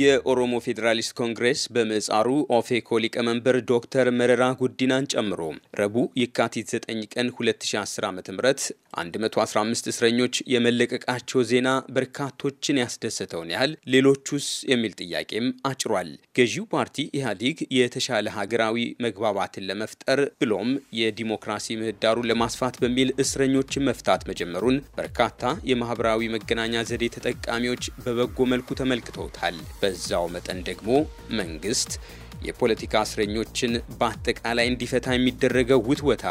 የኦሮሞ ፌዴራሊስት ኮንግሬስ በምህጻሩ ኦፌኮ ሊቀመንበር ዶክተር መረራ ጉዲናን ጨምሮ ረቡዕ የካቲት 9 ቀን 2010 ዓ.ም 115 እስረኞች የመለቀቃቸው ዜና በርካቶችን ያስደሰተውን ያህል ሌሎቹስ የሚል ጥያቄም አጭሯል። ገዢው ፓርቲ ኢህአዴግ የተሻለ ሀገራዊ መግባባትን ለመፍጠር ብሎም የዲሞክራሲ ምህዳሩን ለማስፋት በሚል እስረኞችን መፍታት መጀመሩን በርካታ የማህበራዊ መገናኛ ዘዴ ተጠቃሚዎች በበጎ መልኩ ተመልክተውታል። በዛው መጠን ደግሞ መንግስት የፖለቲካ እስረኞችን በአጠቃላይ እንዲፈታ የሚደረገው ውትወታ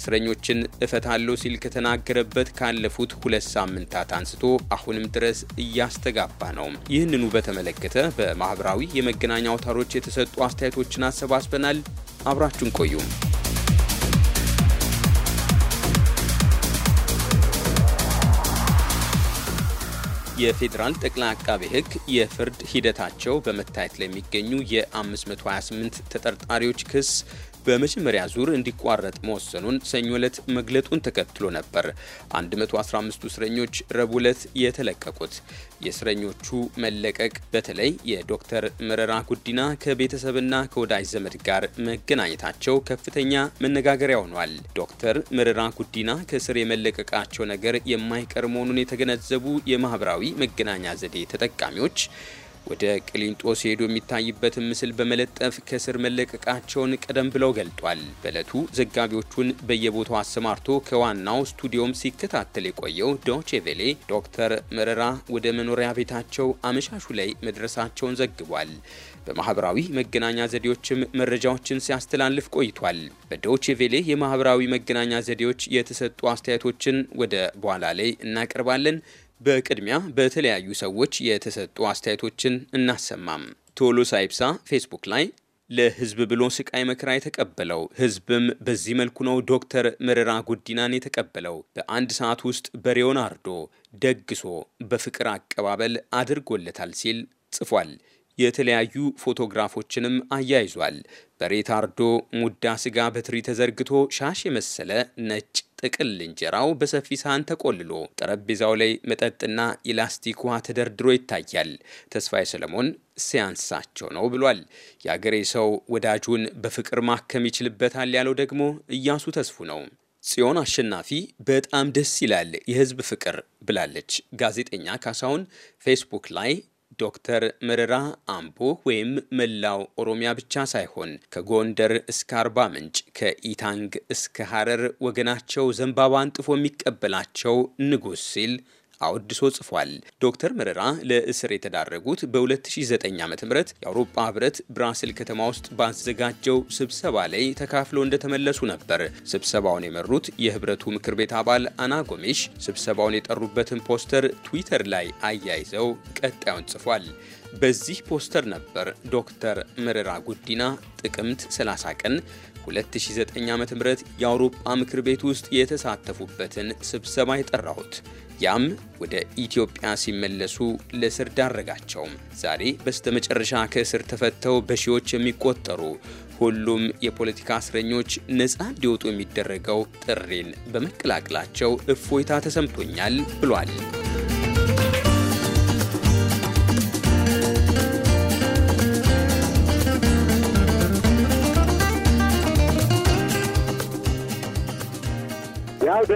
እስረኞችን እፈታለሁ ሲል ከተናገረበት ካለፉት ሁለት ሳምንታት አንስቶ አሁንም ድረስ እያስተጋባ ነው። ይህንኑ በተመለከተ በማኅበራዊ የመገናኛ አውታሮች የተሰጡ አስተያየቶችን አሰባስበናል። አብራችሁን ቆዩም የፌዴራል ጠቅላይ አቃቤ ሕግ የፍርድ ሂደታቸው በመታየት ላይ የሚገኙ የ528 ተጠርጣሪዎች ክስ በመጀመሪያ ዙር እንዲቋረጥ መወሰኑን ሰኞ ዕለት መግለጡን ተከትሎ ነበር 115ቱ እስረኞች ረቡዕ ዕለት የተለቀቁት። የእስረኞቹ መለቀቅ በተለይ የዶክተር መረራ ጉዲና ከቤተሰብና ከወዳጅ ዘመድ ጋር መገናኘታቸው ከፍተኛ መነጋገሪያ ሆኗል። ዶክተር መረራ ጉዲና ከእስር የመለቀቃቸው ነገር የማይቀር መሆኑን የተገነዘቡ የማህበራዊ መገናኛ ዘዴ ተጠቃሚዎች ወደ ቅሊንጦ ሲሄዱ የሚታይበትን ምስል በመለጠፍ ከስር መለቀቃቸውን ቀደም ብለው ገልጧል። በዕለቱ ዘጋቢዎቹን በየቦታው አሰማርቶ ከዋናው ስቱዲዮም ሲከታተል የቆየው ዶቼ ቬሌ ዶክተር መረራ ወደ መኖሪያ ቤታቸው አመሻሹ ላይ መድረሳቸውን ዘግቧል። በማህበራዊ መገናኛ ዘዴዎችም መረጃዎችን ሲያስተላልፍ ቆይቷል። በዶቼ ቬሌ የማህበራዊ መገናኛ ዘዴዎች የተሰጡ አስተያየቶችን ወደ በኋላ ላይ እናቀርባለን። በቅድሚያ በተለያዩ ሰዎች የተሰጡ አስተያየቶችን እናሰማም። ቶሎሳ ይብሳ ፌስቡክ ላይ ለህዝብ ብሎ ስቃይ መከራ የተቀበለው ህዝብም በዚህ መልኩ ነው ዶክተር መረራ ጉዲናን የተቀበለው። በአንድ ሰዓት ውስጥ በሬውን አርዶ ደግሶ በፍቅር አቀባበል አድርጎለታል ሲል ጽፏል። የተለያዩ ፎቶግራፎችንም አያይዟል። በሬታርዶ ሙዳ ስጋ በትሪ ተዘርግቶ ሻሽ የመሰለ ነጭ ጥቅል እንጀራው በሰፊ ሳህን ተቆልሎ ጠረጴዛው ላይ መጠጥና የላስቲክ ውሃ ተደርድሮ ይታያል። ተስፋዬ ሰለሞን ሲያንሳቸው ነው ብሏል። የአገሬ ሰው ወዳጁን በፍቅር ማከም ይችልበታል ያለው ደግሞ እያሱ ተስፉ ነው። ጽዮን አሸናፊ በጣም ደስ ይላል የህዝብ ፍቅር ብላለች። ጋዜጠኛ ካሳሁን ፌስቡክ ላይ ዶክተር መረራ አምቦ ወይም መላው ኦሮሚያ ብቻ ሳይሆን ከጎንደር እስከ አርባ ምንጭ ከኢታንግ እስከ ሐረር ወገናቸው ዘንባባ አንጥፎ የሚቀበላቸው ንጉሥ ሲል አወድሶ ጽፏል። ዶክተር መረራ ለእስር የተዳረጉት በ2009 ዓ ም የአውሮፓ ህብረት ብራስል ከተማ ውስጥ ባዘጋጀው ስብሰባ ላይ ተካፍለው እንደተመለሱ ነበር። ስብሰባውን የመሩት የህብረቱ ምክር ቤት አባል አና ጎሜሽ ስብሰባውን የጠሩበትን ፖስተር ትዊተር ላይ አያይዘው ቀጣዩን ጽፏል። በዚህ ፖስተር ነበር ዶክተር መረራ ጉዲና ጥቅምት 30 ቀን 2009 ዓ.ም የአውሮፓ ምክር ቤት ውስጥ የተሳተፉበትን ስብሰባ የጠራሁት። ያም ወደ ኢትዮጵያ ሲመለሱ ለእስር ዳረጋቸውም። ዛሬ በስተመጨረሻ ከእስር ተፈተው በሺዎች የሚቆጠሩ ሁሉም የፖለቲካ እስረኞች ነፃ እንዲወጡ የሚደረገው ጥሪን በመቀላቀላቸው እፎይታ ተሰምቶኛል ብሏል።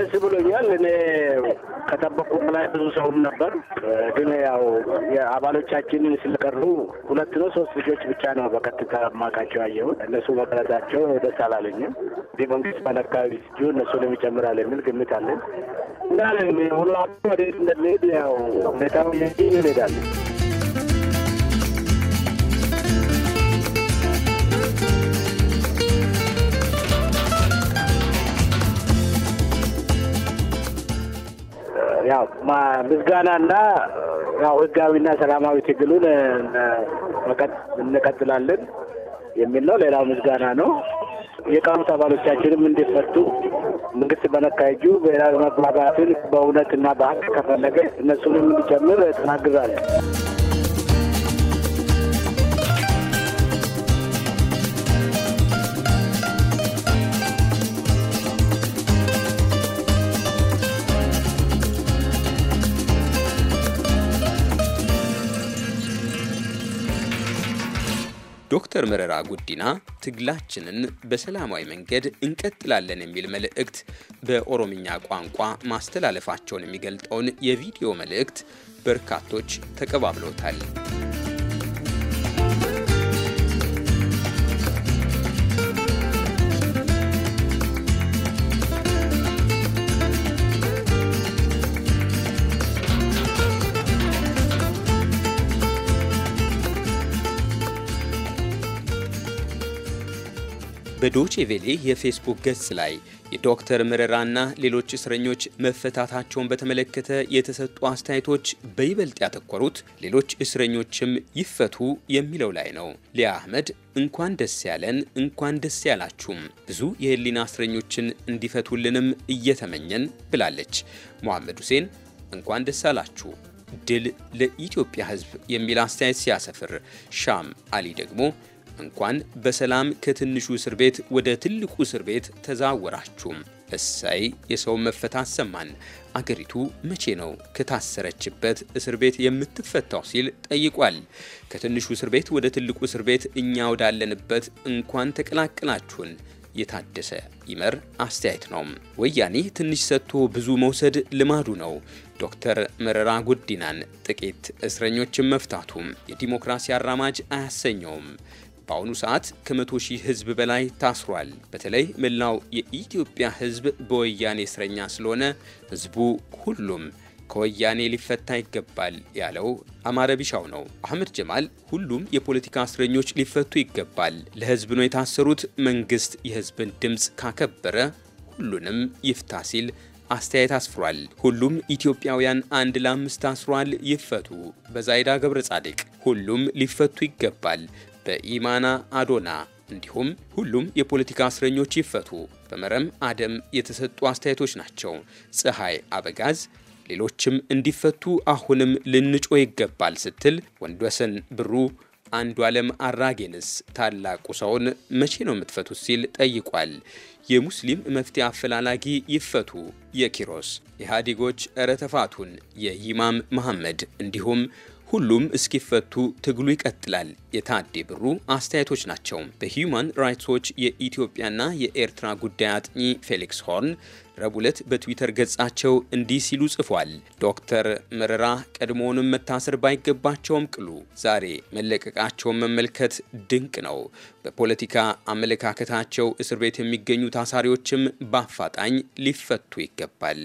ደስ ብሎኛል። እኔ ከጠበቁት ላይ ብዙ ሰውም ነበር፣ ግን ያው የአባሎቻችንን ስለቀሩ ሁለት ነው ሶስት ልጆች ብቻ ነው በቀጥታ ማቃቸው ያየሁት። እነሱ መቅረታቸው ደስ አላለኝም። እዚህ መንግስት ባለአካባቢ ስጁ እነሱንም ይጨምራል የሚል ግምት አለን። እንዳለን ሁላቱ ወደ እንደሚሄድ ያው ሁኔታው እንሄዳለን። ያው ምስጋናና ያው ህጋዊና ሰላማዊ ትግሉን እንቀጥላለን የሚል ነው። ሌላው ምስጋና ነው። የቀሩት አባሎቻችንም እንዲፈቱ መንግስት በነካ ብሔራዊ መግባባትን በእውነትና በሀቅ ከፈለገ እነሱንም እንዲጨምር ተናግራለን። ዶክተር መረራ ጉዲና ትግላችንን በሰላማዊ መንገድ እንቀጥላለን የሚል መልእክት በኦሮምኛ ቋንቋ ማስተላለፋቸውን የሚገልጠውን የቪዲዮ መልእክት በርካቶች ተቀባብለውታል። ቬሌ የፌስቡክ ገጽ ላይ የዶክተር መረራና ሌሎች እስረኞች መፈታታቸውን በተመለከተ የተሰጡ አስተያየቶች በይበልጥ ያተኮሩት ሌሎች እስረኞችም ይፈቱ የሚለው ላይ ነው። ሊያ አህመድ እንኳን ደስ ያለን፣ እንኳን ደስ ያላችሁም፣ ብዙ የህሊና እስረኞችን እንዲፈቱልንም እየተመኘን ብላለች። መሐመድ ሁሴን እንኳን ደስ አላችሁ ድል ለኢትዮጵያ ህዝብ የሚል አስተያየት ሲያሰፍር፣ ሻም አሊ ደግሞ እንኳን በሰላም ከትንሹ እስር ቤት ወደ ትልቁ እስር ቤት ተዛወራችሁም። እሰይ የሰው መፈታት ሰማን። አገሪቱ መቼ ነው ከታሰረችበት እስር ቤት የምትፈታው ሲል ጠይቋል። ከትንሹ እስር ቤት ወደ ትልቁ እስር ቤት እኛ ወዳለንበት እንኳን ተቀላቅላችሁን። የታደሰ ይመር አስተያየት ነው። ወያኔ ትንሽ ሰጥቶ ብዙ መውሰድ ልማዱ ነው። ዶክተር መረራ ጉዲናን ጥቂት እስረኞችን መፍታቱም የዲሞክራሲ አራማጅ አያሰኘውም። በአሁኑ ሰዓት ከመቶ ሺህ ህዝብ በላይ ታስሯል። በተለይ መላው የኢትዮጵያ ህዝብ በወያኔ እስረኛ ስለሆነ ህዝቡ ሁሉም ከወያኔ ሊፈታ ይገባል ያለው አማረ ቢሻው ነው። አህመድ ጀማል ሁሉም የፖለቲካ እስረኞች ሊፈቱ ይገባል፣ ለህዝብ ነው የታሰሩት፣ መንግስት የህዝብን ድምፅ ካከበረ ሁሉንም ይፍታ ሲል አስተያየት አስፍሯል። ሁሉም ኢትዮጵያውያን አንድ ለአምስት ታስሯል፣ ይፈቱ። በዛይዳ ገብረ ጻድቅ ሁሉም ሊፈቱ ይገባል፣ በኢማና አዶና እንዲሁም ሁሉም የፖለቲካ እስረኞች ይፈቱ፣ በመረም አደም የተሰጡ አስተያየቶች ናቸው። ፀሐይ አበጋዝ ሌሎችም እንዲፈቱ አሁንም ልንጮ ይገባል ስትል ወንድወሰን ብሩ አንዱ ዓለም አራጌንስ ታላቁ ሰውን መቼ ነው የምትፈቱት ሲል ጠይቋል። የሙስሊም መፍትሄ አፈላላጊ ይፈቱ፣ የኪሮስ ኢህአዴጎች ረተፋቱን የኢማም መሐመድ እንዲሁም ሁሉም እስኪፈቱ ትግሉ ይቀጥላል። የታዴ ብሩ አስተያየቶች ናቸው። በሂዩማን ራይትስ ዎች የኢትዮጵያና የኤርትራ ጉዳይ አጥኚ ፌሊክስ ሆርን ረቡዕ ዕለት በትዊተር ገጻቸው እንዲህ ሲሉ ጽፏል። ዶክተር መረራ ቀድሞውንም መታሰር ባይገባቸውም ቅሉ ዛሬ መለቀቃቸውን መመልከት ድንቅ ነው። በፖለቲካ አመለካከታቸው እስር ቤት የሚገኙ ታሳሪዎችም በአፋጣኝ ሊፈቱ ይገባል።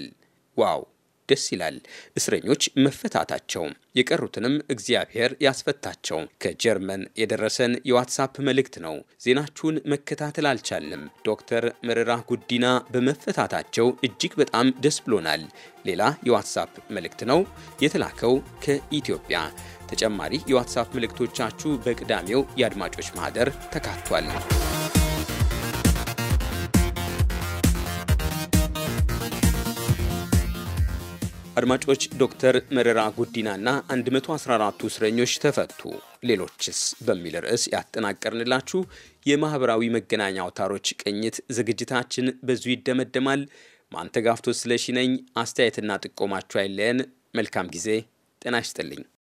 ዋው ደስ ይላል። እስረኞች መፈታታቸው የቀሩትንም እግዚአብሔር ያስፈታቸው። ከጀርመን የደረሰን የዋትሳፕ መልእክት ነው። ዜናችሁን መከታተል አልቻልንም። ዶክተር መረራ ጉዲና በመፈታታቸው እጅግ በጣም ደስ ብሎናል። ሌላ የዋትሳፕ መልእክት ነው የተላከው ከኢትዮጵያ። ተጨማሪ የዋትሳፕ መልእክቶቻችሁ በቅዳሜው የአድማጮች ማህደር ተካቷል። አድማጮች ዶክተር መረራ ጉዲናና 114ቱ እስረኞች ተፈቱ፣ ሌሎችስ በሚል ርዕስ ያጠናቀርንላችሁ የማኅበራዊ መገናኛ አውታሮች ቅኝት ዝግጅታችን በዙ ይደመደማል። ማንተጋፍቶ ስለሺ ነኝ። አስተያየትና ጥቆማችሁ አይለየን። መልካም ጊዜ። ጤና ይስጥልኝ።